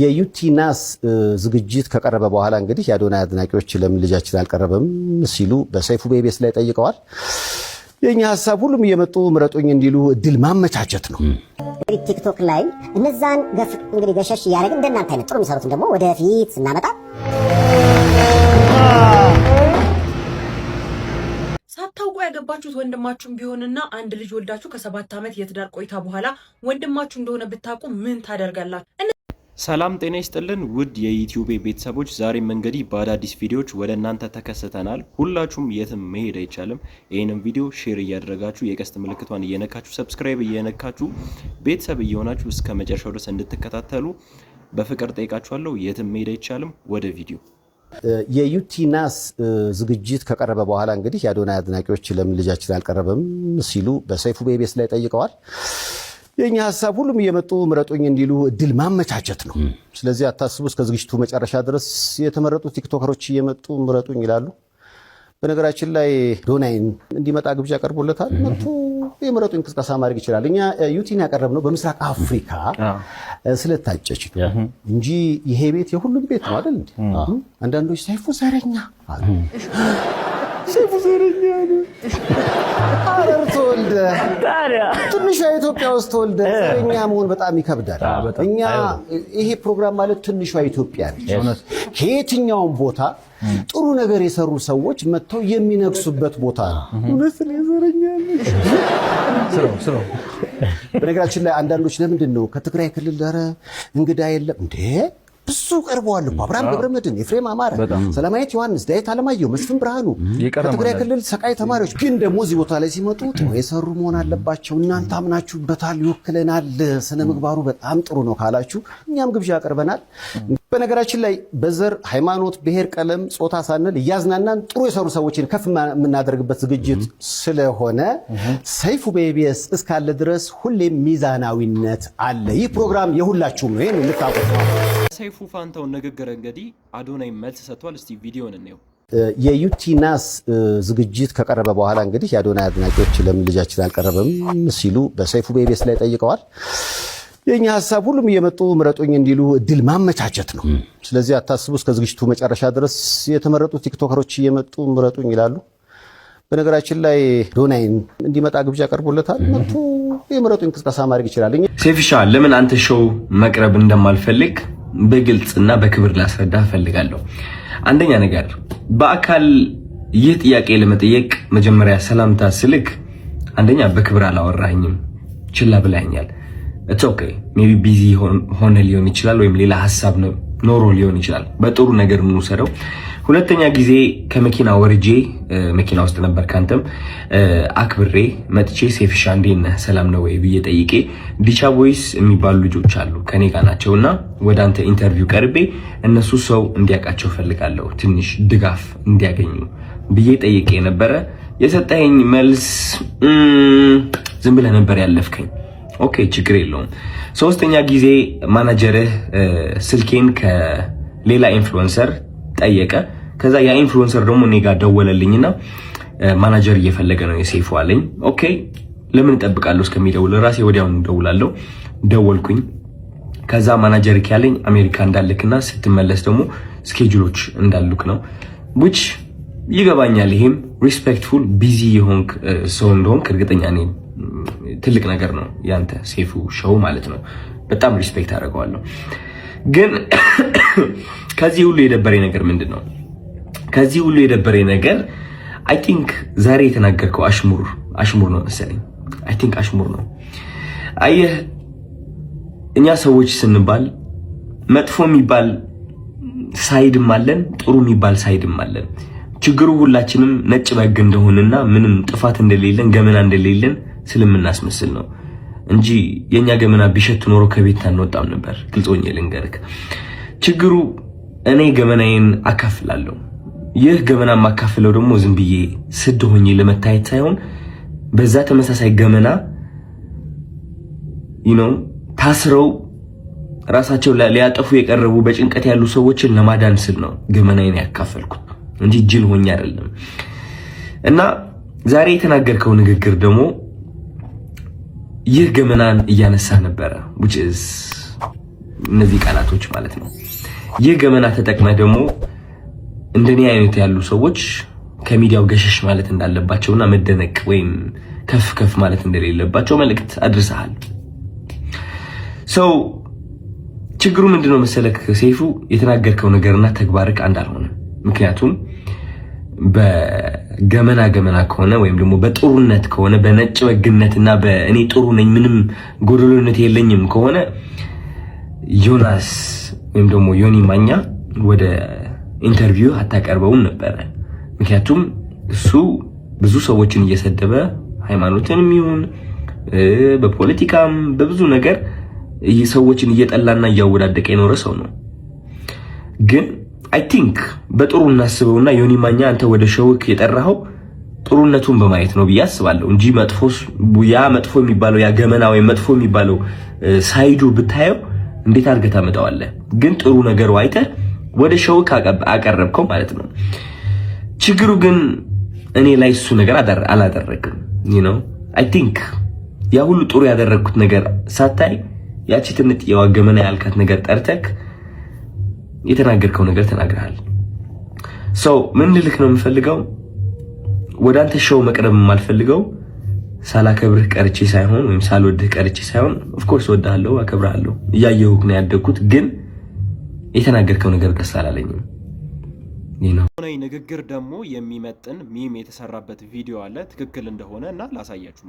የዩቲናስ ዝግጅት ከቀረበ በኋላ እንግዲህ የአዶናይ አድናቂዎች ለምን ልጃችን አልቀረበም ሲሉ በሰይፉ ቤቤስ ላይ ጠይቀዋል። የእኛ ሀሳብ ሁሉም እየመጡ ምረጡኝ እንዲሉ እድል ማመቻቸት ነው። ቲክቶክ ላይ እነዛን እንግዲህ ገሸሽ እያደረግን እንደናንተ አይነት ጥሩ የሚሰሩትን ደግሞ ወደፊት ስናመጣ ሳታውቁ ያገባችሁት ወንድማችሁን ቢሆንና አንድ ልጅ ወልዳችሁ ከሰባት ዓመት የትዳር ቆይታ በኋላ ወንድማችሁ እንደሆነ ብታውቁ ምን ታደርጋላችሁ? ሰላም ጤና ይስጥልን ውድ የዩቲዩብ ቤተሰቦች፣ ዛሬም እንግዲህ በአዳዲስ ቪዲዮዎች ወደ እናንተ ተከስተናል። ሁላችሁም የትም መሄድ አይቻልም። ይህንም ቪዲዮ ሼር እያደረጋችሁ የቀስት ምልክቷን እየነካችሁ ሰብስክራይብ እየነካችሁ ቤተሰብ እየሆናችሁ እስከ መጨረሻው ድረስ እንድትከታተሉ በፍቅር ጠይቃችኋለሁ። የትም መሄድ አይቻልም። ወደ ቪዲዮ የዩቲናስ ዝግጅት ከቀረበ በኋላ እንግዲህ የአዶናይ አድናቂዎች ለምን ልጃችን አልቀረበም ሲሉ በሰይፉ ቤቤስ ላይ ጠይቀዋል። የእኛ ሀሳብ ሁሉም እየመጡ ምረጡኝ እንዲሉ እድል ማመቻቸት ነው። ስለዚህ አታስቡ። እስከ ዝግጅቱ መጨረሻ ድረስ የተመረጡ ቲክቶከሮች እየመጡ ምረጡኝ ይላሉ። በነገራችን ላይ ዶናይን እንዲመጣ ግብዣ ቀርቦለታል። መጥቶ የምረጡኝ ቅስቀሳ ማድረግ ይችላል። እኛ ዩቲን ያቀረብነው በምስራቅ አፍሪካ ስለታጨች እንጂ ይሄ ቤት የሁሉም ቤት ነው አይደል? አንዳንዶች ሰይፉ ዘረኛ ሼፉ ዘረኛ ነው። ሐረር ተወልደህ ታዲያ ትንሿ ኢትዮጵያ ውስጥ ተወልደህ ዘረኛ መሆን በጣም ይከብዳል። እኛ ይሄ ፕሮግራም ማለት ትንሿ ኢትዮጵያ ነች። ከየትኛውም ቦታ ጥሩ ነገር የሰሩ ሰዎች መጥተው የሚነግሱበት ቦታ ነው። እውነት ዘረኛ በነገራችን ላይ አንዳንዶች ለምንድን ነው ከትግራይ ክልል ኧረ እንግዳ የለም እንዴ ብዙ ቀርበዋል እኮ አብርሃም ገብረመድህን፣ ኤፍሬም አማረ፣ ሰለማየት ዮሐንስ፣ ዳዊት አለማየሁ፣ መስፍን ብርሃኑ ከትግራይ ክልል ሰቃይ ተማሪዎች። ግን ደግሞ እዚህ ቦታ ላይ ሲመጡ የሰሩ መሆን አለባቸው። እናንተ አምናችሁበታል፣ ይወክለናል፣ ስነ ምግባሩ በጣም ጥሩ ነው ካላችሁ እኛም ግብዣ ያቀርበናል። በነገራችን ላይ በዘር ሃይማኖት፣ ብሔር፣ ቀለም፣ ጾታ ሳንል እያዝናናን ጥሩ የሰሩ ሰዎችን ከፍ የምናደርግበት ዝግጅት ስለሆነ ሰይፉ በኢቢኤስ እስካለ ድረስ ሁሌም ሚዛናዊነት አለ። ይህ ፕሮግራም የሁላችሁም ነው። ይህን የሰይፉ ፋንታው ንግግር እንግዲህ አዶናይ መልስ ሰጥቷል። እስቲ ቪዲዮን እንየው። የዩቲናስ ዝግጅት ከቀረበ በኋላ እንግዲህ የአዶናይ አድናቂዎች ለምን ልጃችን አልቀረበም ሲሉ በሰይፉ ቤቤስ ላይ ጠይቀዋል። የእኛ ሀሳብ ሁሉም እየመጡ ምረጡኝ እንዲሉ እድል ማመቻቸት ነው። ስለዚህ አታስቡ፣ እስከ ዝግጅቱ መጨረሻ ድረስ የተመረጡ ቲክቶከሮች እየመጡ ምረጡኝ ይላሉ። በነገራችን ላይ ዶናይን እንዲመጣ ግብዣ ቀርቦለታል። መጥቶ የምረጡኝ ቅስቀሳ ማድረግ ይችላል። ሴፍሻ ለምን አንተ ሾው መቅረብ እንደማልፈልግ በግልጽ እና በክብር ላስረዳ እፈልጋለሁ። አንደኛ ነገር በአካል ይህ ጥያቄ ለመጠየቅ መጀመሪያ ሰላምታ ስልክ፣ አንደኛ በክብር አላወራኝም፣ ችላ ብላኛል። ኢትስ ኦኬ ቢ ቢዚ ሆነ ሊሆን ይችላል፣ ወይም ሌላ ሀሳብ ኖሮ ሊሆን ይችላል። በጥሩ ነገር የምንውሰደው ሁለተኛ ጊዜ ከመኪና ወርጄ መኪና ውስጥ ነበር ካንተም አክብሬ መጥቼ ሴፍሻ እንዴነ ሰላም ነው ወይ ብዬ ጠይቄ ዲቻ ቦይስ የሚባሉ ልጆች አሉ ከኔ ጋር ናቸው እና ወደ አንተ ኢንተርቪው ቀርቤ እነሱ ሰው እንዲያውቃቸው ፈልጋለሁ ትንሽ ድጋፍ እንዲያገኙ ብዬ ጠይቄ ነበረ። የሰጠኸኝ መልስ ዝም ብለህ ነበር ያለፍከኝ። ኦኬ ችግር የለውም። ሶስተኛ ጊዜ ማናጀርህ ስልኬን ከሌላ ኢንፍሉዌንሰር ጠየቀ። ከዛ ያ ኢንፍሉዌንሰር ደግሞ እኔ ጋር ደወለልኝና ማናጀር እየፈለገ ነው የሴፉ አለኝ። ኦኬ ለምን እጠብቃለሁ እስከሚደውል ራሴ ወዲያውኑ እደውላለሁ። ደወልኩኝ። ከዛ ማናጀር ያለኝ አሜሪካ እንዳልክና ስትመለስ ደግሞ ስኬጁሎች እንዳሉክ ነው ዊች ይገባኛል። ይሄም ሪስፔክትፉል ቢዚ የሆንክ ሰው እንደሆንክ እርግጠኛ ነኝ። ትልቅ ነገር ነው ያንተ ሴፉ ሸው ማለት ነው። በጣም ሪስፔክት አደርገዋለሁ ግን ከዚህ ሁሉ የደበሬ ነገር ምንድን ነው? ከዚህ ሁሉ የደበሬ ነገር አይ ቲንክ ዛሬ የተናገርከው አሽሙር አሽሙር ነው መሰለኝ። አይ ቲንክ አሽሙር ነው። አየህ እኛ ሰዎች ስንባል መጥፎ የሚባል ሳይድም አለን፣ ጥሩ የሚባል ሳይድም አለን። ችግሩ ሁላችንም ነጭ በግ እንደሆንና ምንም ጥፋት እንደሌለን ገመና እንደሌለን ስለምናስመስል ነው እንጂ የእኛ ገመና ቢሸት ኖሮ ከቤት አንወጣም ነበር። ግልጾኝ ልንገርክ ችግሩ እኔ ገበናዬን አካፍላለሁ። ይህ ገበና የማካፍለው ደግሞ ዝም ብዬ ስድ ሆኜ ለመታየት ሳይሆን በዛ ተመሳሳይ ገመና ነው ታስረው ራሳቸው ሊያጠፉ የቀረቡ በጭንቀት ያሉ ሰዎችን ለማዳን ስል ነው ገመናዬን ያካፈልኩት እንጂ ጅል ሆኜ አይደለም። እና ዛሬ የተናገርከው ንግግር ደግሞ ይህ ገመናን እያነሳ ነበረ፣ እነዚህ ቃላቶች ማለት ነው። ይህ ገመና ተጠቅመህ ደግሞ እንደኔ አይነት ያሉ ሰዎች ከሚዲያው ገሸሽ ማለት እንዳለባቸውና መደነቅ ወይም ከፍ ከፍ ማለት እንደሌለባቸው መልእክት አድርሰሃል። ሰው ችግሩ ምንድነው መሰለክ ሰይፉ፣ የተናገርከው ነገርና ተግባርክ አንድ አልሆነ። ምክንያቱም በገመና ገመና ከሆነ ወይም ደግሞ በጥሩነት ከሆነ በነጭ በግነትና በእኔ ጥሩ ነኝ ምንም ጎደሎነት የለኝም ከሆነ ዮናስ ወይም ደግሞ ዮኒ ማኛ ወደ ኢንተርቪው አታቀርበውም ነበረ። ምክንያቱም እሱ ብዙ ሰዎችን እየሰደበ ሃይማኖትንም ይሁን በፖለቲካም በብዙ ነገር ሰዎችን እየጠላና እያወዳደቀ የኖረ ሰው ነው። ግን አይ ቲንክ በጥሩ እናስበውና ዮኒ ማኛ አንተ ወደ ሸውክ የጠራኸው ጥሩነቱን በማየት ነው ብዬ አስባለሁ እንጂ መጥፎ ያ መጥፎ የሚባለው ያ ገመና ወይም መጥፎ የሚባለው ሳይዱ ብታየው እንዴት አድርገህ ታመጣዋለህ? ግን ጥሩ ነገሩ አይተህ ወደ ሸው አቀረብከው ማለት ነው። ችግሩ ግን እኔ ላይ እሱ ነገር አላደረግም። ነው አይ ቲንክ ያ ሁሉ ጥሩ ያደረግኩት ነገር ሳታይ ያቺ ትንጥ የዋገመና ያልካት ነገር ጠርተክ የተናገርከው ነገር ተናግረሃል። ሰው ምን ልልክ ነው የምፈልገው ወደ አንተ ሸው መቅረብ የማልፈልገው ሳላከብርህ ቀርቼ ሳይሆን ወይም ሳልወድህ ቀርቼ ሳይሆን ኦፍኮርስ ወድሃለሁ፣ አከብርሃለሁ እያየሁህ ነው ያደግኩት። ግን የተናገርከው ነገር ደስ አላለኝም። ሆናዊ ንግግር ደግሞ የሚመጥን ሚም የተሰራበት ቪዲዮ አለ። ትክክል እንደሆነ እና ላሳያችሁ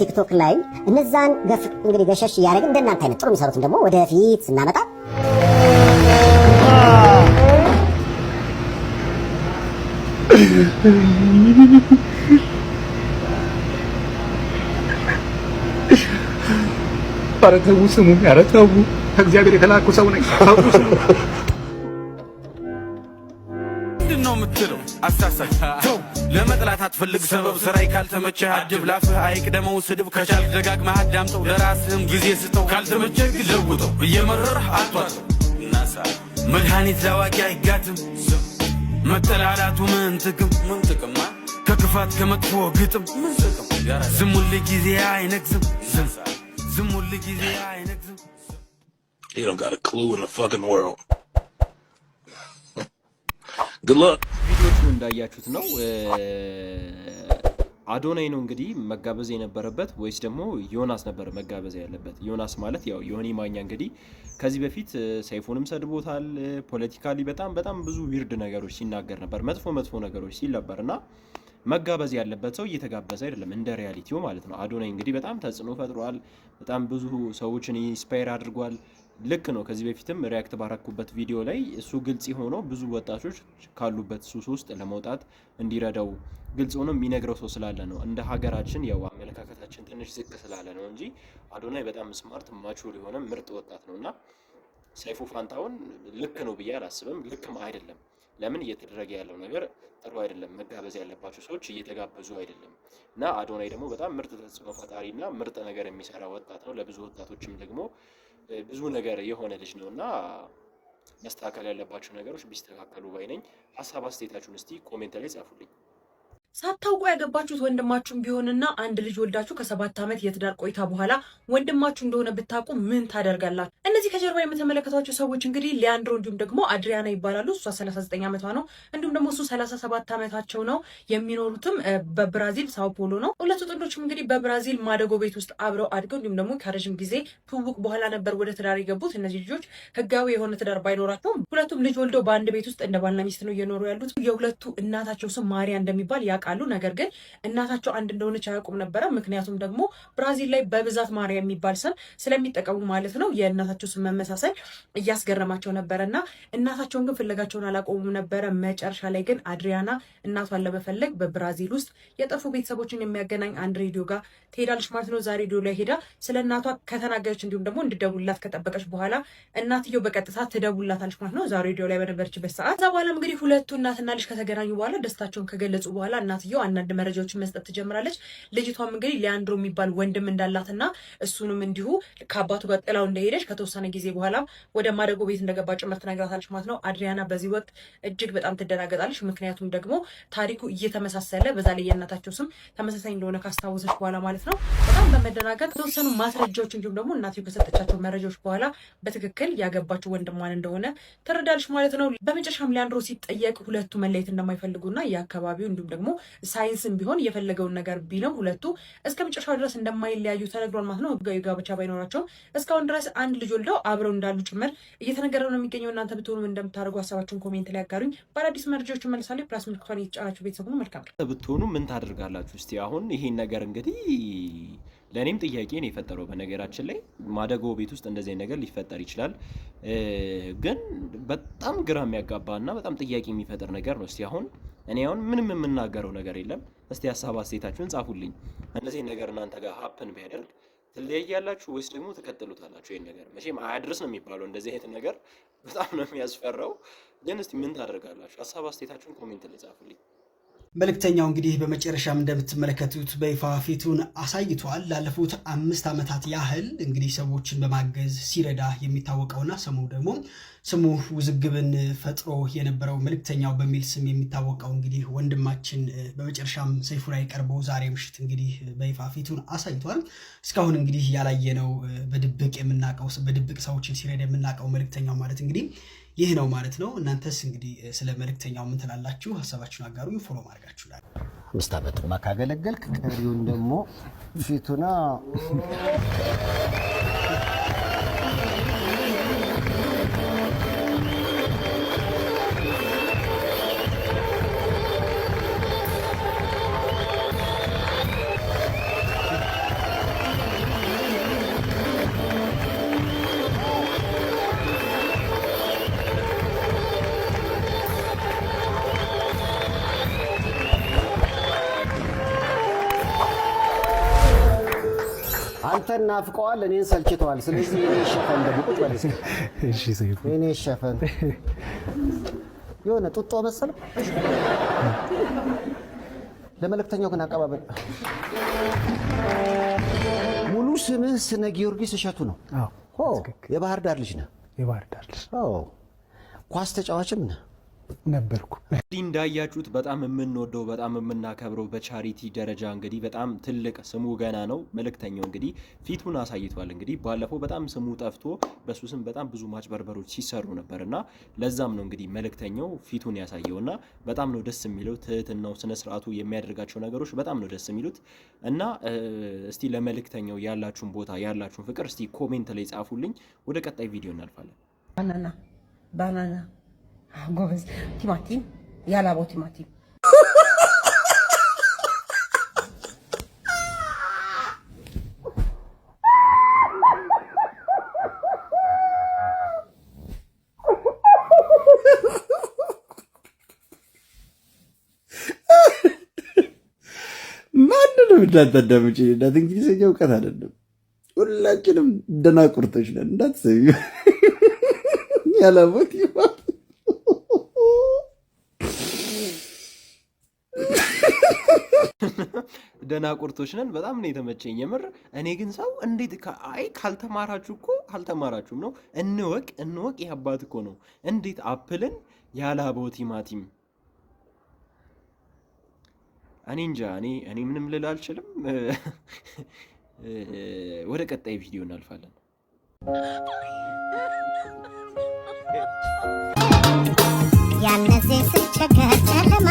ቲክቶክ ላይ እነዛን ገፍ እንግዲህ ገሸሽ እያደረግን እንደናንተ አይነት ጥሩ የሚሰሩትን ደግሞ ወደፊት ስናመጣ ኧረ ተው ስሙ፣ ኧረ ተው ከእግዚአብሔር የተላኩ ሰው ነኝ። ምንድን ነው የምትለው? አሳሳች ተው ለመጥላት አትፈልግ ሰበብ ስራይ ካልተመቸ አድብ ላፍህ አይቅደመው ስድብ ከቻልክ ደጋግመህ አዳምጠው ለራስህም ጊዜ ስጠው ካልተመቸ ለውጠው እየመረርህ አቷጠው መድኃኒት ላዋቂ አይጋትም መጠላላቱ ምን ጥቅም ምን ጥቅም ከክፋት ከመጥፎ ግጥም ዝሙል ጊዜ አይነግዝም He don't got a clue in the fucking world. Good luck. ቪዲዮቹ እንዳያችሁት ነው አዶናይ ነው እንግዲህ መጋበዝ የነበረበት ወይስ ደግሞ ዮናስ ነበር መጋበዝ ያለበት? ዮናስ ማለት ያው ዮኒ ማኛ እንግዲህ ከዚህ በፊት ሰይፉንም ሰድቦታል። ፖለቲካሊ በጣም በጣም ብዙ ዊርድ ነገሮች ሲናገር ነበር፣ መጥፎ መጥፎ ነገሮች ሲል ነበር እና መጋበዝ ያለበት ሰው እየተጋበዘ አይደለም፣ እንደ ሪያሊቲው ማለት ነው። አዶናይ እንግዲህ በጣም ተጽዕኖ ፈጥሯል። በጣም ብዙ ሰዎችን ኢንስፓየር አድርጓል። ልክ ነው። ከዚህ በፊትም ሪያክት ባረኩበት ቪዲዮ ላይ እሱ ግልጽ ሆኖ ብዙ ወጣቶች ካሉበት ሱስ ውስጥ ለመውጣት እንዲረዳው ግልጽ ሆኖ የሚነግረው ሰው ስላለ ነው። እንደ ሀገራችን ያው አመለካከታችን ትንሽ ዝቅ ስላለ ነው እንጂ አዶናይ በጣም ስማርት ማቹር የሆነ ምርጥ ወጣት ነው እና ሰይፉ ፋንታውን ልክ ነው ብዬ አላስብም። ልክም አይደለም። ለምን እየተደረገ ያለው ነገር ጥሩ አይደለም። መጋበዝ ያለባቸው ሰዎች እየተጋበዙ አይደለም እና አዶናይ ደግሞ በጣም ምርጥ ተጽዕኖ ፈጣሪ እና ምርጥ ነገር የሚሰራ ወጣት ነው። ለብዙ ወጣቶችም ደግሞ ብዙ ነገር የሆነ ልጅ ነው እና መስተካከል ያለባቸው ነገሮች ቢስተካከሉ ባይነኝ። ሀሳብ አስተያየታችሁን እስቲ ኮሜንት ላይ ጻፉልኝ። ሳታውቁ ያገባችሁት ወንድማችሁም ቢሆንና አንድ ልጅ ወልዳችሁ ከሰባት ዓመት የትዳር ቆይታ በኋላ ወንድማችሁ እንደሆነ ብታውቁ ምን ታደርጋላችሁ? እነዚህ ከጀርባ የምትመለከቷቸው ሰዎች እንግዲህ ሊያንድሮ እንዲሁም ደግሞ አድሪያና ይባላሉ። እሷ 39 ዓመቷ ነው፣ እንዲሁም ደግሞ እሱ 37 ዓመታቸው ነው። የሚኖሩትም በብራዚል ሳውፖሎ ነው። ሁለቱ ጥንዶችም እንግዲህ በብራዚል ማደጎ ቤት ውስጥ አብረው አድገው እንዲሁም ደግሞ ከረዥም ጊዜ ትውውቅ በኋላ ነበር ወደ ትዳር የገቡት። እነዚህ ልጆች ህጋዊ የሆነ ትዳር ባይኖራቸውም ሁለቱም ልጅ ወልደው በአንድ ቤት ውስጥ እንደ ባልና ሚስት ነው እየኖሩ ያሉት። የሁለቱ እናታቸው ስም ማሪያ እንደሚባል ያውቃሉ። ነገር ግን እናታቸው አንድ እንደሆነች አያውቁም ነበረ። ምክንያቱም ደግሞ ብራዚል ላይ በብዛት ማርያም የሚባል ስም ስለሚጠቀሙ ማለት ነው የእናታቸው ስም መመሳሰል እያስገረማቸው ነበረ እና እናታቸውን ግን ፍለጋቸውን አላቆሙም ነበረ። መጨረሻ ላይ ግን አድሪያና እናቷን ለመፈለግ በብራዚል ውስጥ የጠፉ ቤተሰቦችን የሚያገናኝ አንድ ሬዲዮ ጋር ትሄዳለች ማለት ነው። ዛሬ ሬዲዮ ላይ ሄዳ ስለ እናቷ ከተናገረች እንዲሁም ደግሞ እንድደውልላት ከጠበቀች በኋላ እናትየው በቀጥታ ትደውልላታለች ማለት ነው። ዛሬ ሬዲዮ ላይ በነበረችበት ሰዓት ከዛ በኋላም እንግዲህ ሁለቱ እናትና ልጅ ከተገናኙ በኋላ ደስታቸውን ከገለጹ በኋላ እናትየው አንዳንድ መረጃዎችን መስጠት ትጀምራለች። ልጅቷም እንግዲህ ሊያንድሮ የሚባል ወንድም እንዳላትና እሱንም እንዲሁ ከአባቱ ጋር ጥላው እንደሄደች ከተወሰነ ጊዜ በኋላ ወደ ማደጎ ቤት እንደገባ ጭምር ትነግራታለች ማለት ነው። አድሪያና በዚህ ወቅት እጅግ በጣም ትደናገጣለች። ምክንያቱም ደግሞ ታሪኩ እየተመሳሰለ በዛ ላይ የእናታቸው ስም ተመሳሳይ እንደሆነ ካስታወሰች በኋላ ማለት ነው በጣም በመደናገጥ የተወሰኑ ማስረጃዎች እንዲሁም ደግሞ እናትየው ከሰጠቻቸው መረጃዎች በኋላ በትክክል ያገባችው ወንድሟን እንደሆነ ትረዳለች ማለት ነው። በመጨረሻም ሊያንድሮ ሲጠየቅ ሁለቱ መለየት እንደማይፈልጉና የአካባቢው እንዲሁም ደግሞ ሳይንስም ቢሆን የፈለገውን ነገር ቢልም ሁለቱ እስከ መጨረሻው ድረስ እንደማይለያዩ ተነግሯል ማለት ነው። ህጋዊ ጋብቻ ባይኖራቸውም እስካሁን ድረስ አንድ ልጅ ወልደው አብረው እንዳሉ ጭምር እየተነገረ ነው የሚገኘው። እናንተ ብትሆኑም እንደምታደርጉ ሀሳባችሁን ኮሜንት ላይ ያጋሩኝ። በአዳዲስ መረጃዎች መልሳለሁ። ፕላስ ምልክቷን የተጫናችሁ ቤተሰብ ሁኑ። መልካም ብትሆኑ ምን ታደርጋላችሁ? እስቲ አሁን ይሄን ነገር እንግዲህ ለእኔም ጥያቄ ነው የፈጠረው። በነገራችን ላይ ማደጎ ቤት ውስጥ እንደዚህ ነገር ሊፈጠር ይችላል፣ ግን በጣም ግራ የሚያጋባ እና በጣም ጥያቄ የሚፈጥር ነገር ነው። እስቲ አሁን እኔ አሁን ምንም የምናገረው ነገር የለም። እስቲ ሀሳብ አስተያየታችሁን ጻፉልኝ። እነዚህ ነገር እናንተ ጋር ሀፕን ቢያደርግ ትለያያላችሁ ወይስ ደግሞ ተከተሉታላችሁ? ይህን ነገር መቼም አያድርስ ነው የሚባለው። እንደዚህ አይነት ነገር በጣም ነው የሚያስፈራው። ግን እስቲ ምን ታደርጋላችሁ? ሀሳብ አስተያየታችሁን ኮሜንት ላይ ጻፉልኝ። መልእክተኛው እንግዲህ በመጨረሻም እንደምትመለከቱት በይፋ ፊቱን አሳይቷል። ላለፉት አምስት ዓመታት ያህል እንግዲህ ሰዎችን በማገዝ ሲረዳ የሚታወቀውና ስሙ ደግሞ ስሙ ውዝግብን ፈጥሮ የነበረው መልእክተኛው በሚል ስም የሚታወቀው እንግዲህ ወንድማችን በመጨረሻም ሰይፉ ላይ ቀርቦ ዛሬ ምሽት እንግዲህ በይፋ ፊቱን አሳይቷል። እስካሁን እንግዲህ ያላየነው በድብቅ የምናውቀው በድብቅ ሰዎችን ሲረዳ የምናውቀው መልእክተኛው ማለት እንግዲህ ይህ ነው ማለት ነው። እናንተስ እንግዲህ ስለ መልእክተኛው ምን ትላላችሁ? ሀሳባችሁን አጋሩ። ፎሎ ማድረጋችሁ ላል አምስት ዓመት ካገለገልክ ቀሪውን ደግሞ ፊቱና አንተን ናፍቀዋል፣ እኔን ሰልችተዋል። ስለዚህ እኔ ሸፈን ደግሞ ቁጭ በል እስኪ። እኔ ሸፈን የሆነ ጡጦ መሰለ ለመልእክተኛው ግን አቀባበል ሙሉ ስምህ ስነ ጊዮርጊስ እሸቱ ነው። የባህር ዳር ልጅ ነህ። ኳስ ተጫዋችም ነህ። ነበርኩ። እንዳያችሁት በጣም የምንወደው በጣም የምናከብረው በቻሪቲ ደረጃ እንግዲህ በጣም ትልቅ ስሙ ገና ነው መልእክተኛው እንግዲህ ፊቱን አሳይቷል። እንግዲህ ባለፈው በጣም ስሙ ጠፍቶ በሱ ስም በጣም ብዙ ማጭበርበሮች ሲሰሩ ነበር እና ለዛም ነው እንግዲህ መልእክተኛው ፊቱን ያሳየው እና በጣም ነው ደስ የሚለው ትህትናው፣ ስነስርዓቱ የሚያደርጋቸው ነገሮች በጣም ነው ደስ የሚሉት እና እስቲ ለመልእክተኛው ያላችሁን ቦታ ያላችሁን ፍቅር እስቲ ኮሜንት ላይ ጻፉልኝ። ወደ ቀጣይ ቪዲዮ እናልፋለን። ባናና ባናና ጎበዝ። ቲማቲም ያላቦ ቲማቲም ማንንም እንዳታዳምጪ። እናት እንግሊዝኛ እውቀት አይደለም። ሁላችንም ደናቁርቶች ነን። እንዳትሰሚ ያላቦት ደናቁርቶች ነን። በጣም ነው የተመቸኝ የምር። እኔ ግን ሰው እንዴት አይ ካልተማራችሁ እኮ አልተማራችሁም ነው። እንወቅ እንወቅ ያባት እኮ ነው። እንዴት አፕልን ያላበው ቲማቲም እኔ እንጃ። እኔ እኔ ምንም ልል አልችልም። ወደ ቀጣይ ቪዲዮ እናልፋለን። ያነዜ ስቸገር ጨለማ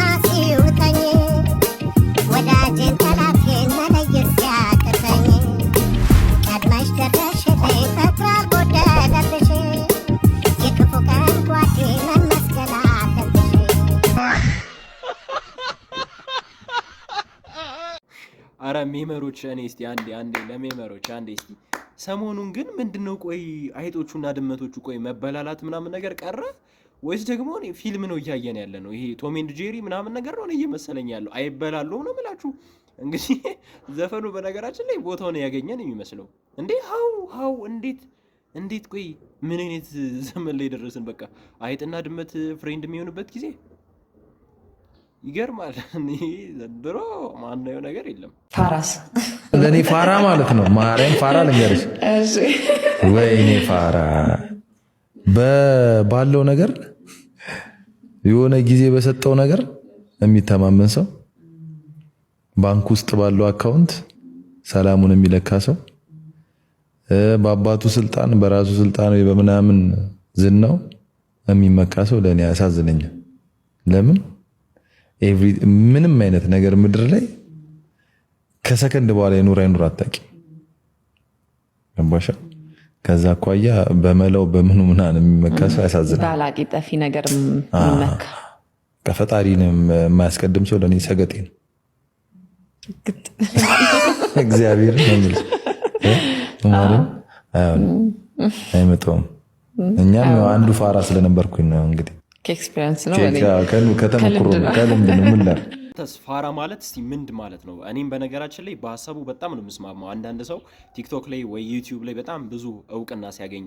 ሜመሮች እኔ እስቲ አንዴ አንዴ ለሜመሮች አንዴ እስቲ ሰሞኑን ግን ምንድነው ቆይ አይጦቹና ድመቶቹ ቆይ መበላላት ምናምን ነገር ቀረ ወይስ ደግሞ ፊልም ነው እያየን ያለ ነው? ይሄ ቶም ኤንድ ጄሪ ምናምን ነገር ነው እየመሰለኝ ያለው። አይበላሉም ነው ምላችሁ። እንግዲህ ዘፈኑ በነገራችን ላይ ነው ያገኘን የሚመስለው እንዴ ሀው ሀው እንዴት እንዴት ቆይ ምን አይነት ዘመን ላይ ደረስን? በቃ አይጥና ድመት ፍሬንድ የሚሆኑበት ጊዜ ይገርማል። ዘንድሮ ማናየ ነገር የለም። ፋራስ ለእኔ ፋራ ማለት ነው። ማርያም ፋራ ልንገርሽ፣ ወይኔ ፋራ ባለው ነገር የሆነ ጊዜ በሰጠው ነገር የሚተማመን ሰው፣ ባንክ ውስጥ ባለው አካውንት ሰላሙን የሚለካ ሰው፣ በአባቱ ስልጣን፣ በራሱ ስልጣን፣ በምናምን ዝናው የሚመካ ሰው ለእኔ ያሳዝነኛል። ለምን ምንም አይነት ነገር ምድር ላይ ከሰከንድ በኋላ የኑር አይኑር አታውቂም። ገባሻ? ከዛ አኳያ በመለው በምኑ ምናን የሚመካ ሰው ያሳዝናል። ጠፊ ነገር የሚመካ የማያስቀድም ሰው ለእኔ ሰገጤ ነው። እግዚአብሔር ሚል አይመጣውም። እኛም አንዱ ፋራ ስለነበርኩኝ ነው እንግዲህ ከኤክስፔሪንስ ነው ነው ከልምድ ነው ምን ተስፋራ ማለት እስቲ ምንድ ማለት ነው? እኔም በነገራችን ላይ በሀሳቡ በጣም ነው የምስማማው። አንዳንድ ሰው ቲክቶክ ላይ ወይ ዩቲዩብ ላይ በጣም ብዙ እውቅና ሲያገኝ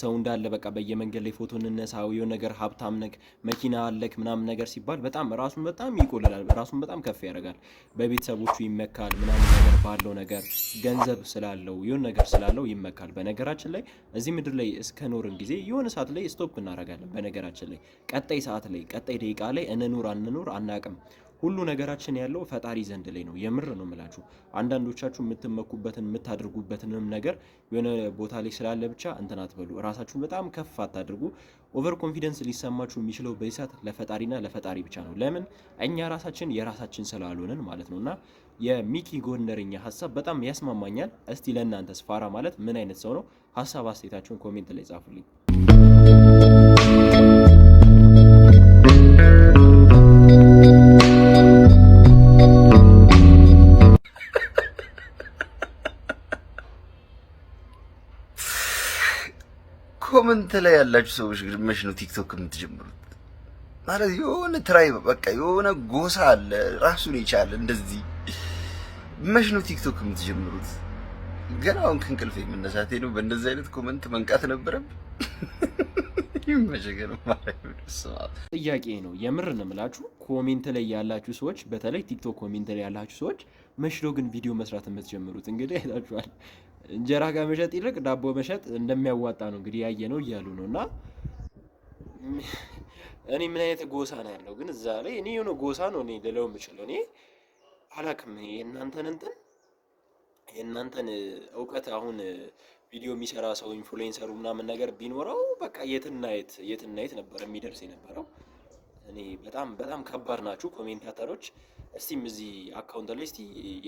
ሰው እንዳለ በቃ በየመንገድ ላይ ፎቶ እንነሳ የሆነ ነገር ሀብታም ነክ መኪና አለክ ምናምን ነገር ሲባል በጣም ራሱን በጣም ይቆልላል፣ ራሱን በጣም ከፍ ያደርጋል። በቤተሰቦቹ ይመካል ምናምን ነገር ባለው ነገር ገንዘብ ስላለው የሆነ ነገር ስላለው ይመካል። በነገራችን ላይ እዚህ ምድር ላይ እስከኖርን ጊዜ የሆነ ሰዓት ላይ ስቶፕ እናደርጋለን። በነገራችን ላይ ቀጣይ ሰዓት ላይ ቀጣይ ደቂቃ ላይ እንኑር አንኑር አናቅም። ሁሉ ነገራችን ያለው ፈጣሪ ዘንድ ላይ ነው። የምር ነው የምላችሁ። አንዳንዶቻችሁ የምትመኩበትን የምታደርጉበትንም ነገር የሆነ ቦታ ላይ ስላለ ብቻ እንትን አትበሉ። ራሳችሁን በጣም ከፍ አታድርጉ። ኦቨር ኮንፊደንስ ሊሰማችሁ የሚችለው በዚህ ለፈጣሪና ለፈጣሪ ብቻ ነው። ለምን እኛ ራሳችን የራሳችን ስላልሆንን ማለት ነው። እና የሚኪ ጎንደርኛ ሀሳብ በጣም ያስማማኛል። እስቲ ለእናንተ ስፋራ ማለት ምን አይነት ሰው ነው? ሀሳብ አስተያየታችሁን ኮሜንት ላይ ጻፉልኝ። ላይ ያላችሁ ሰዎች ግድመሽ ነው ቲክቶክ የምትጀምሩት። ማለት የሆነ ትራይብ በቃ የሆነ ጎሳ አለ ራሱን የቻለ እንደዚህ መሽ ነው ቲክቶክ የምትጀምሩት። ገና አሁን ከእንቅልፍ የምነሳቴ ነው። በእንደዚህ አይነት ኮመንት መንቃት ነበረብኝ። ጥያቄ ነው የምር ነው የምላችሁ። ኮሜንት ላይ ያላችሁ ሰዎች፣ በተለይ ቲክቶክ ኮሜንት ላይ ያላችሁ ሰዎች መሽሎ ግን ቪዲዮ መስራት የምትጀምሩት እንግዲህ አይታችኋል። እንጀራ ጋር መሸጥ ይልቅ ዳቦ መሸጥ እንደሚያዋጣ ነው እንግዲህ ያየ ነው እያሉ ነው። እና እኔ ምን አይነት ጎሳ ነው ያለው ግን እዛ ላይ እኔ የሆነ ጎሳ ነው እኔ ልለው የምችለው እኔ አላቅም። የእናንተን እንትን የእናንተን እውቀት አሁን ቪዲዮ የሚሰራ ሰው ኢንፍሉዌንሰሩ ምናምን ነገር ቢኖረው በቃ የትናየት የትናየት ነበር የሚደርስ የነበረው። እኔ በጣም በጣም ከባድ ናችሁ ኮሜንታተሮች። እስቲም እዚህ አካውንት ላይ እስቲ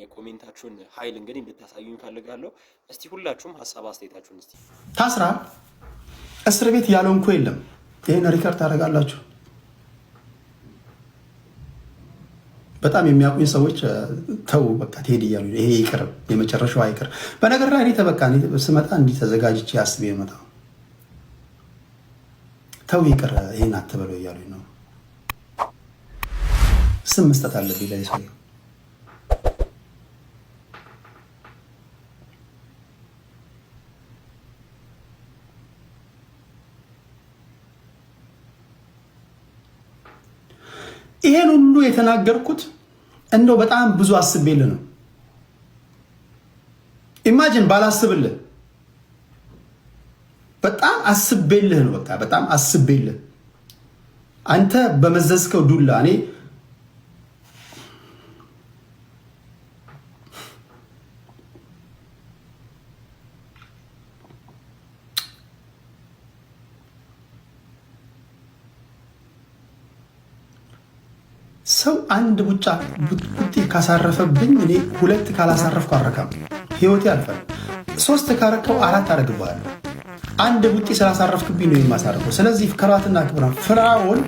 የኮሜንታችሁን ኃይል እንግዲህ እንድታሳዩ እፈልጋለሁ። እስቲ ሁላችሁም ሀሳብ አስተያየታችሁን እስቲ። ታስራ እስር ቤት ያለው ያልሆንኩ የለም። ይህን ሪከርድ ታደርጋላችሁ። በጣም የሚያውቁኝ ሰዎች ተው በቃ ትሄድ እያሉ ይሄ ይቅርብ፣ የመጨረሻው አይቅር። በነገር ላይ እኔ ተበቃ ስመጣ እንዲህ ተዘጋጅቼ አስቤ መጣ ተው ይቅር፣ ይህን አትበለው እያሉ ስም መስጠት አለብኝ ለዚህ ሰው ይሄን ሁሉ የተናገርኩት እንደው በጣም ብዙ አስቤልህ ነው። ኢማጂን ባላስብልህ በጣም አስቤልህ ነው። በቃ በጣም አስቤልህ አንተ በመዘዝከው ዱላ እኔ ሰው አንድ ቡጫ ቡጢ ካሳረፈብኝ እኔ ሁለት ካላሳረፍኩ አረካም ህይወቴ አልፈል። ሶስት ካረከው አራት አደርግብሃለሁ። አንድ ቡጢ ስላሳረፍክብኝ ነው የማሳረፈው። ስለዚህ ክብራትና ክብራም ፍራውን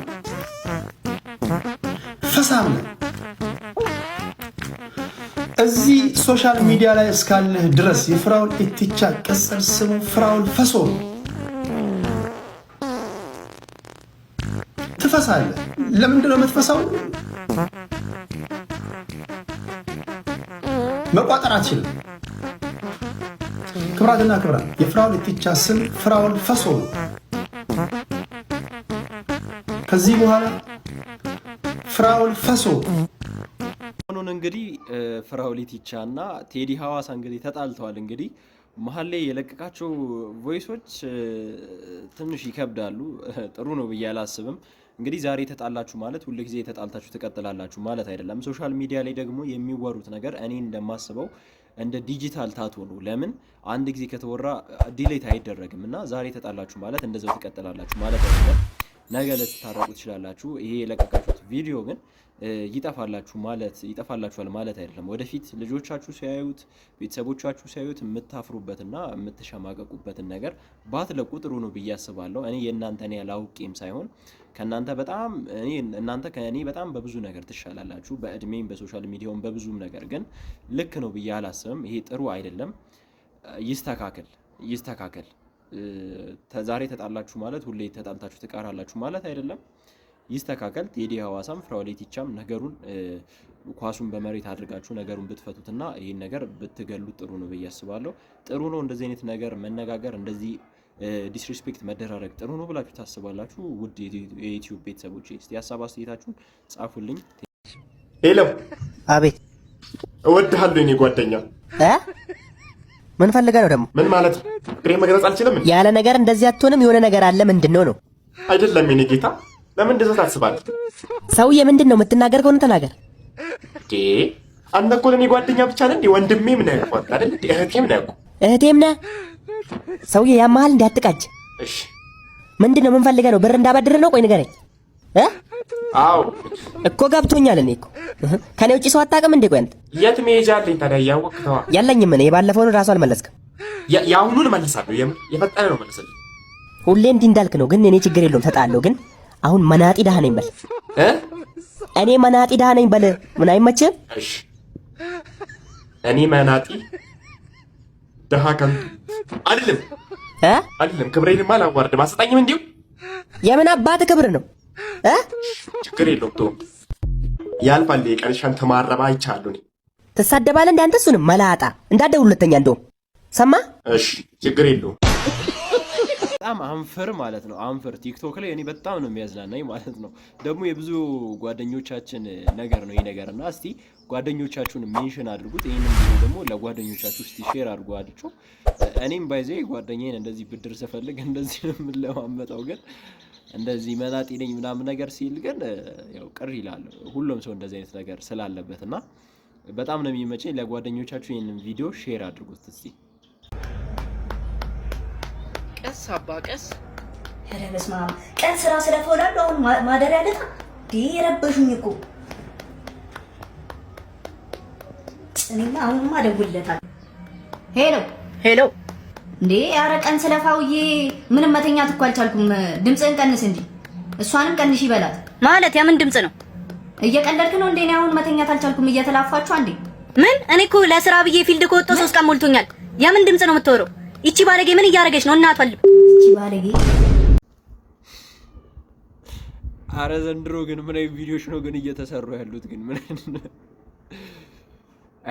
ፈሳም ነው። እዚህ ሶሻል ሚዲያ ላይ እስካለህ ድረስ የፍራውን ኢትቻ ቅጽል ስሙ ፍራውን ፈሶ ነው። ትፈሳለህ። ለምንድነው የምትፈሳው? መቋጠር አችልም። ክብራትና ክብራት የፍራኦል ኢቲቻ ስም ፍራውን ፈሶ ነው። ከዚህ በኋላ ፍራውን ፈሶ ሆኖን እንግዲህ ፍራኦል ኢቲቻ እና ቴዲ ሀዋሳ እንግዲህ ተጣልተዋል። እንግዲህ መሀል ላይ የለቀቃቸው ቮይሶች ትንሽ ይከብዳሉ። ጥሩ ነው ብዬ አላስብም። እንግዲህ ዛሬ የተጣላችሁ ማለት ሁል ጊዜ የተጣልታችሁ ትቀጥላላችሁ ማለት አይደለም። ሶሻል ሚዲያ ላይ ደግሞ የሚወሩት ነገር እኔ እንደማስበው እንደ ዲጂታል ታቶ ነው። ለምን አንድ ጊዜ ከተወራ ዲሌት አይደረግም እና ዛሬ የተጣላችሁ ማለት እንደዛው ትቀጥላላችሁ ማለት አይደለም። ነገ ልትታረቁ ትችላላችሁ። ይሄ የለቀቃችሁት ቪዲዮ ግን ይጠፋላችሁ ማለት ይጠፋላችኋል ማለት አይደለም። ወደፊት ልጆቻችሁ ሲያዩት፣ ቤተሰቦቻችሁ ሲያዩት የምታፍሩበትና የምትሸማቀቁበትን ነገር ባትለቁ ጥሩ ነው ብዬ አስባለሁ። እኔ የእናንተን ያላውቄም ሳይሆን ከእናንተ በጣም እኔ እናንተ ከእኔ በጣም በብዙ ነገር ትሻላላችሁ፣ በእድሜም በሶሻል ሚዲያውም በብዙም ነገር። ግን ልክ ነው ብዬ አላስብም። ይሄ ጥሩ አይደለም። ይስተካከል ይስተካከል። ዛሬ ተጣላችሁ ማለት ሁሌ ተጣልታችሁ ትቀራላችሁ ማለት አይደለም። ይስተካከል። ቴዲ ሀዋሳም ፍራውሌቲቻም ነገሩን ኳሱን በመሬት አድርጋችሁ ነገሩን ብትፈቱትና ይህን ነገር ብትገሉት ጥሩ ነው ብዬ አስባለሁ። ጥሩ ነው እንደዚህ አይነት ነገር መነጋገር እንደዚህ ዲስሪስፔክት መደራረግ ጥሩ ነው ብላችሁ ታስባላችሁ? ውድ የዩቲዩብ ቤተሰቦች ስ ሀሳብ አስተያየታችሁን ጻፉልኝ። ሌላው አቤት፣ እወድሃለሁ የኔ ጓደኛ። ምን ፈልገህ ነው ደግሞ? ምን ማለት ነው? ፍቅሬ መግለጽ አልችልም። ያለ ነገር እንደዚህ አትሆንም። የሆነ ነገር አለ። ምንድን ነው ነው? አይደለም የኔ ጌታ፣ ለምን እንደዛ ታስባለህ? ሰውዬ፣ ምንድን ነው የምትናገር? ከሆነ ተናገር። አንተ እኮ ለእኔ ጓደኛ ብቻ ነህ፣ ወንድሜም ነህ፣ እህቴም ነህ። እህቴም ነህ ሰውዬ ያመሃል እንዳትቃጅ። እሺ፣ ምንድን ነው? ምን ፈልገህ ነው? ብር እንዳበድር ነው? ቆይ ንገረኝ። አዎ እኮ ገብቶኛል። እኔ እኮ ከኔ ውጭ ሰው አታውቅም እንዴ? ቆይ አንተ የት መሄጃ ታዲያ? ታዲያ? እያወቅተዋ ያለኝም እኔ የባለፈውን እራሱ አልመለስክም። የአሁኑን እመልሳለሁ። የምን የፈጠነ ነው መለሰልኝ። ሁሌ እንዲህ እንዳልክ ነው። ግን እኔ ችግር የለውም ተጣለሁ። ግን አሁን መናጢ ድሃ ነኝ በል። እኔ መናጢ ድሃ ነኝ በል። ምን አይመችም? እሺ እኔ መናጢ ደሃ ካል አይደለም እ አይደለም ክብሬንም አላዋርድም። አሰጣኝም እንዲሁ የምን አባት ክብር ነው እ ችግር የለውም ቶ ያልፋል። የቀንሻን ተማረባ አይቻሉ ነው ትሳደባለህ። እንዳንተ እሱንም መላጣ እንዳደው ሁለተኛ እንደውም ሰማ። እሺ ችግር የለውም። በጣም አንፈር ማለት ነው። አንፈር ቲክቶክ ላይ እኔ በጣም ነው የሚያዝናናኝ ማለት ነው። ደግሞ የብዙ ጓደኞቻችን ነገር ነው ይህ ነገር እና እስቲ ጓደኞቻችሁን ሜንሽን አድርጉት። ይህን ደግሞ ለጓደኞቻችሁ እስቲ ሼር አድርጓቸው። እኔም ባይዘ ጓደኛዬን እንደዚህ ብድር ስፈልግ እንደዚህ ነው የምንለማመጠው ግን እንደዚህ መናጤ ነኝ ምናምን ነገር ሲል ግን ያው ቅር ይላል። ሁሉም ሰው እንደዚህ አይነት ነገር ስላለበት እና በጣም ነው የሚመቸኝ። ለጓደኞቻችሁ ይህንን ቪዲዮ ሼር አድርጉት እስቲ። ቀስ አባ ቀስ። ኧረ በስመ አብ ቀን ስራ ስለፈወዳሉ አሁን ማደሪያ ለታ የረበሹኝ እኮ እኔማ አሁንማ እደውልለታለሁ። ሄሎ ሄሎ። እንዴ ኧረ ቀን ስለፋውዬ ምንም መተኛት እኮ አልቻልኩም። ድምፅህን ቀንስ እንጂ እሷንም ቀንሽ ይበላት ማለት የምን ድምፅ ነው? እየቀለድክ ነው እንዴ? እኔ አሁን መተኛት አልቻልኩም። እየተላፋችሁ አንዴ ምን እኔ እኮ ለስራ ብዬ ፊልድ ከወጣሁ ሶስት ቀን ሞልቶኛል። የምን ድምፅ ነው የምትወረው? ይቺ ባለጌ ምን እያደረገች ነው? እናቷ ልብ ይቺ ባለጌ። አረ ዘንድሮ ግን ምን አይነት ቪዲዮች ነው ግን እየተሰሩ ያሉት ግን ምን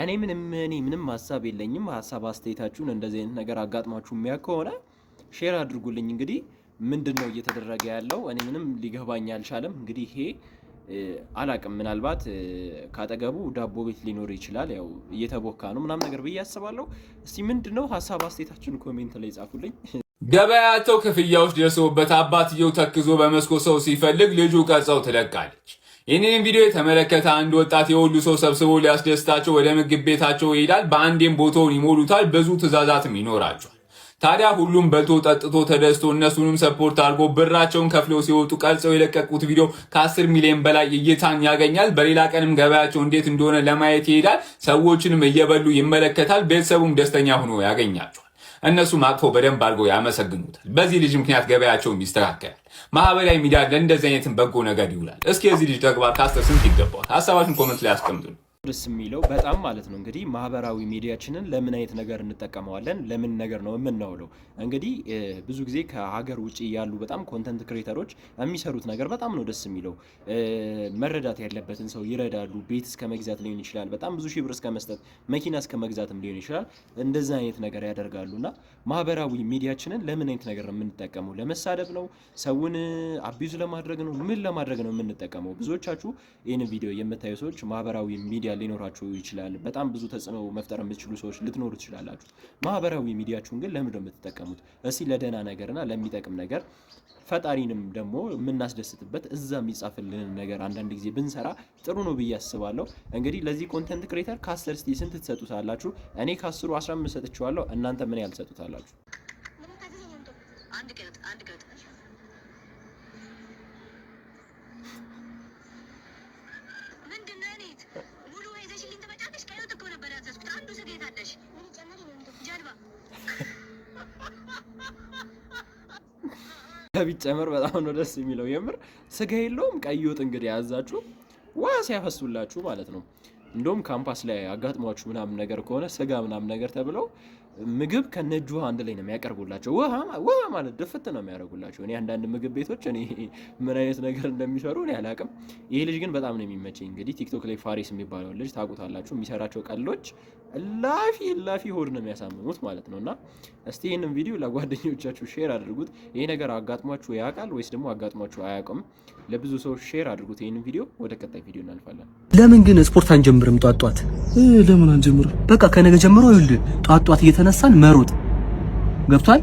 እኔ ምንም እኔ ምንም ሀሳብ የለኝም። ሀሳብ አስተያየታችሁን እንደዚህ አይነት ነገር አጋጥማችሁ የሚያውቅ ከሆነ ሼር አድርጉልኝ። እንግዲህ ምንድን ነው እየተደረገ ያለው? እኔ ምንም ሊገባኝ አልቻለም። እንግዲህ ይሄ አላቅም ምናልባት ካጠገቡ ዳቦ ቤት ሊኖር ይችላል። ያው እየተቦካ ነው ምናምን ነገር ብዬ አስባለሁ። እስቲ ምንድን ነው ሀሳብ አስተያየታችሁን ኮሜንት ላይ ጻፉልኝ። ገበያ ያተው ክፍያዎች ደርሰውበት አባትየው ተክዞ በመስኮ ሰው ሲፈልግ ልጁ ቀርጸው ትለቃለች። ይህንን ቪዲዮ የተመለከተ አንድ ወጣት የወሉ ሰው ሰብስቦ ሊያስደስታቸው ወደ ምግብ ቤታቸው ይሄዳል። በአንዴም ቦታውን ይሞሉታል። ብዙ ትዕዛዛትም ይኖራቸዋል። ታዲያ ሁሉም በልቶ ጠጥቶ ተደስቶ እነሱንም ሰፖርት አድርጎ ብራቸውን ከፍለው ሲወጡ ቀርጸው የለቀቁት ቪዲዮ ከአስር ሚሊዮን በላይ እይታን ያገኛል። በሌላ ቀንም ገበያቸው እንዴት እንደሆነ ለማየት ይሄዳል። ሰዎችንም እየበሉ ይመለከታል። ቤተሰቡም ደስተኛ ሆኖ ያገኛቸዋል። እነሱም አቅፎ በደንብ አድርገው ያመሰግኑታል። በዚህ ልጅ ምክንያት ገበያቸውም ይስተካከላል። ማህበራዊ ሚዲያ ለእንደዚህ አይነትን በጎ ነገር ይውላል። እስኪ የዚህ ልጅ ተግባር ከአስር ስንት ይገባዋል? ሀሳባችን ኮመንት ላይ አስቀምጡ። ደስ የሚለው በጣም ማለት ነው እንግዲህ ማህበራዊ ሚዲያችንን ለምን አይነት ነገር እንጠቀመዋለን? ለምን ነገር ነው የምናውለው? እንግዲህ ብዙ ጊዜ ከሀገር ውጭ ያሉ በጣም ኮንተንት ክሬተሮች የሚሰሩት ነገር በጣም ነው ደስ የሚለው። መረዳት ያለበትን ሰው ይረዳሉ። ቤት እስከ መግዛት ሊሆን ይችላል፣ በጣም ብዙ ሺህ ብር እስከ መስጠት፣ መኪና እስከ መግዛትም ሊሆን ይችላል። እንደዚህ አይነት ነገር ያደርጋሉ እና ማህበራዊ ሚዲያችንን ለምን አይነት ነገር ነው የምንጠቀመው? ለመሳደብ ነው? ሰውን አቢዙ ለማድረግ ነው? ምን ለማድረግ ነው የምንጠቀመው? ብዙዎቻችሁ ይህን ቪዲዮ የምታዩ ሰዎች ማህበራዊ ሚዲያ ሊኖራችሁ ይችላል። በጣም ብዙ ተጽዕኖ መፍጠር የምትችሉ ሰዎች ልትኖሩ ትችላላችሁ። ማህበራዊ ሚዲያችሁን ግን ለምንድ የምትጠቀሙት? እስቲ ለደህና ነገርና ለሚጠቅም ነገር ፈጣሪንም ደግሞ የምናስደስትበት እዛ የሚጻፍልንን ነገር አንዳንድ ጊዜ ብንሰራ ጥሩ ነው ብዬ አስባለሁ። እንግዲህ ለዚህ ኮንተንት ክሬተር ከአስር እስቲ ስንት ትሰጡታላችሁ? እኔ ከአስሩ አስራ አምስት ሰጥችዋለሁ። እናንተ ምን ያህል ትሰጡታላችሁ? ቢጨመር በጣም ነው ደስ የሚለው። የምር ስጋ የለውም። ቀይ ወጥ እንግዲህ ያዛችሁ ዋ ሲያፈሱላችሁ ማለት ነው። እንደውም ካምፓስ ላይ አጋጥሟችሁ ምናምን ነገር ከሆነ ስጋ ምናምን ነገር ተብለው ምግብ ከነጅ ውሃ አንድ ላይ ነው የሚያቀርቡላቸው። ውሃ ማለት ድፍት ነው የሚያደርጉላቸው። እኔ አንዳንድ ምግብ ቤቶች እኔ ምን አይነት ነገር እንደሚሰሩ እኔ አላቅም። ይሄ ልጅ ግን በጣም ነው የሚመቸኝ። እንግዲህ ቲክቶክ ላይ ፋሪስ የሚባለው ልጅ ታውቁታላችሁ። የሚሰራቸው ቀሎች እላፊ ላፊ ሆድ ነው የሚያሳምሙት ማለት ነው። እና እስቲ ይህንም ቪዲዮ ለጓደኞቻችሁ ሼር አድርጉት። ይሄ ነገር አጋጥሟችሁ ያውቃል ወይስ ደግሞ አጋጥሟችሁ አያውቅም? ለብዙ ሰዎች ሼር አድርጉት ይህንን ቪዲዮ። ወደ ቀጣይ ቪዲዮ እናልፋለን። ለምን ግን ስፖርት አንጀምርም? ጧት ጧት ለምን አንጀምርም? በቃ ከነገ ጀምሮ ይኸውልህ ጧት ጧት እየተነሳን መሮጥ ገብቷል።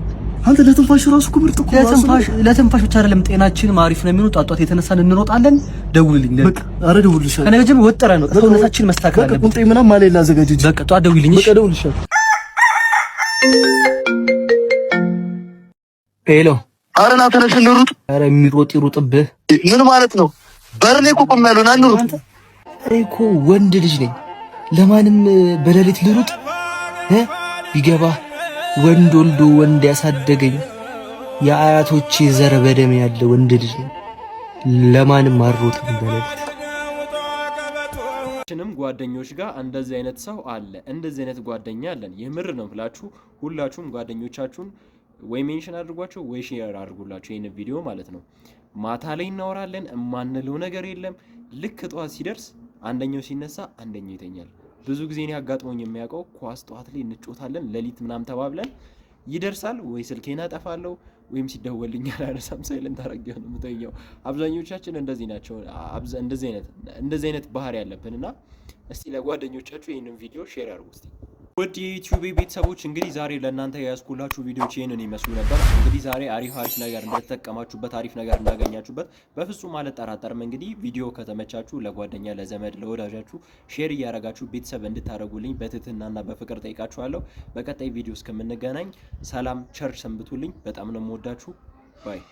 አንተ ለትንፋሽ ራሱ እኮ ምርጥ እኮ ለትንፋሽ ለትንፋሽ ብቻ አይደለም ጤናችንም አሪፍ ነው የሚሆነው። ጧት ጧት የተነሳን እንሮጣለን። ደውልልኝ በቃ አረ ደውልልሻለሁ። ከነገ ጀምሮ ወጠረ ነው ሰውነታችን መስተካከል አለበት። በቃ ቁንጤ ምናምን ማለ ላዘጋጅ እንጂ በቃ ጧት ደውልልኝ። በቃ ደውልልሻለሁ። ሄሎ አረ ና ተነሽ እንሩጥ። አረ የሚሮጥ ይሩጥብህ። ምን ማለት ነው? በርኔ እኮ ቆሜያለሁ። ና እንሩጥ። እኔ እኮ ወንድ ልጅ ነኝ። ለማንም በሌሊት ልሩጥ እ ቢገባ ወንድ ወልዶ ወንድ ያሳደገኝ የአያቶቼ ዘር በደም ያለ ወንድ ልጅ ነኝ፣ ለማንም አልሮጥም በሌሊት። ሁላችንም ጓደኞች ጋር እንደዚህ አይነት ሰው አለ። እንደዚህ አይነት ጓደኛ አለን። የምር ነው ብላችሁ ሁላችሁም ጓደኞቻችሁን ወይ ሜንሽን አድርጓቸው ወይ ሼር አድርጉላቸው ይህን ቪዲዮ ማለት ነው። ማታ ላይ እናወራለን። እማንለው ነገር የለም። ልክ ጠዋት ሲደርስ አንደኛው ሲነሳ አንደኛው ይተኛል። ብዙ ጊዜ እኔ አጋጥሞኝ የሚያውቀው ኳስ ጠዋት ላይ እንጮታለን፣ ሌሊት ምናምን ተባብለን ይደርሳል ወይ ስልኬን አጠፋለሁ ወይም ሲደወልኝ አላነሳም፣ ሳይለንት አድርጌ ነው የምተኛው። አብዛኞቻችን እንደዚህ ናቸው። እንደዚህ አይነት ባህሪ ያለብን እና እስቲ ለጓደኞቻችሁ ይህንን ቪዲዮ ሼር አድርጉ። ውድ የዩቲዩብ ቤተሰቦች እንግዲህ ዛሬ ለእናንተ የያዝኩላችሁ ቪዲዮች ይህንን ይመስሉ ነበር። እንግዲህ ዛሬ አሪፍ አሪፍ ነገር እንደተጠቀማችሁበት አሪፍ ነገር እንዳገኛችሁበት በፍጹም አልጠራጠርም። እንግዲህ ቪዲዮ ከተመቻችሁ ለጓደኛ ለዘመድ፣ ለወዳጃችሁ ሼር እያደረጋችሁ ቤተሰብ እንድታደርጉልኝ በትህትናና በፍቅር ጠይቃችኋለሁ። በቀጣይ ቪዲዮ እስከምንገናኝ ሰላም ቸር ሰንብቱልኝ። በጣም ነው የምወዳችሁ ባይ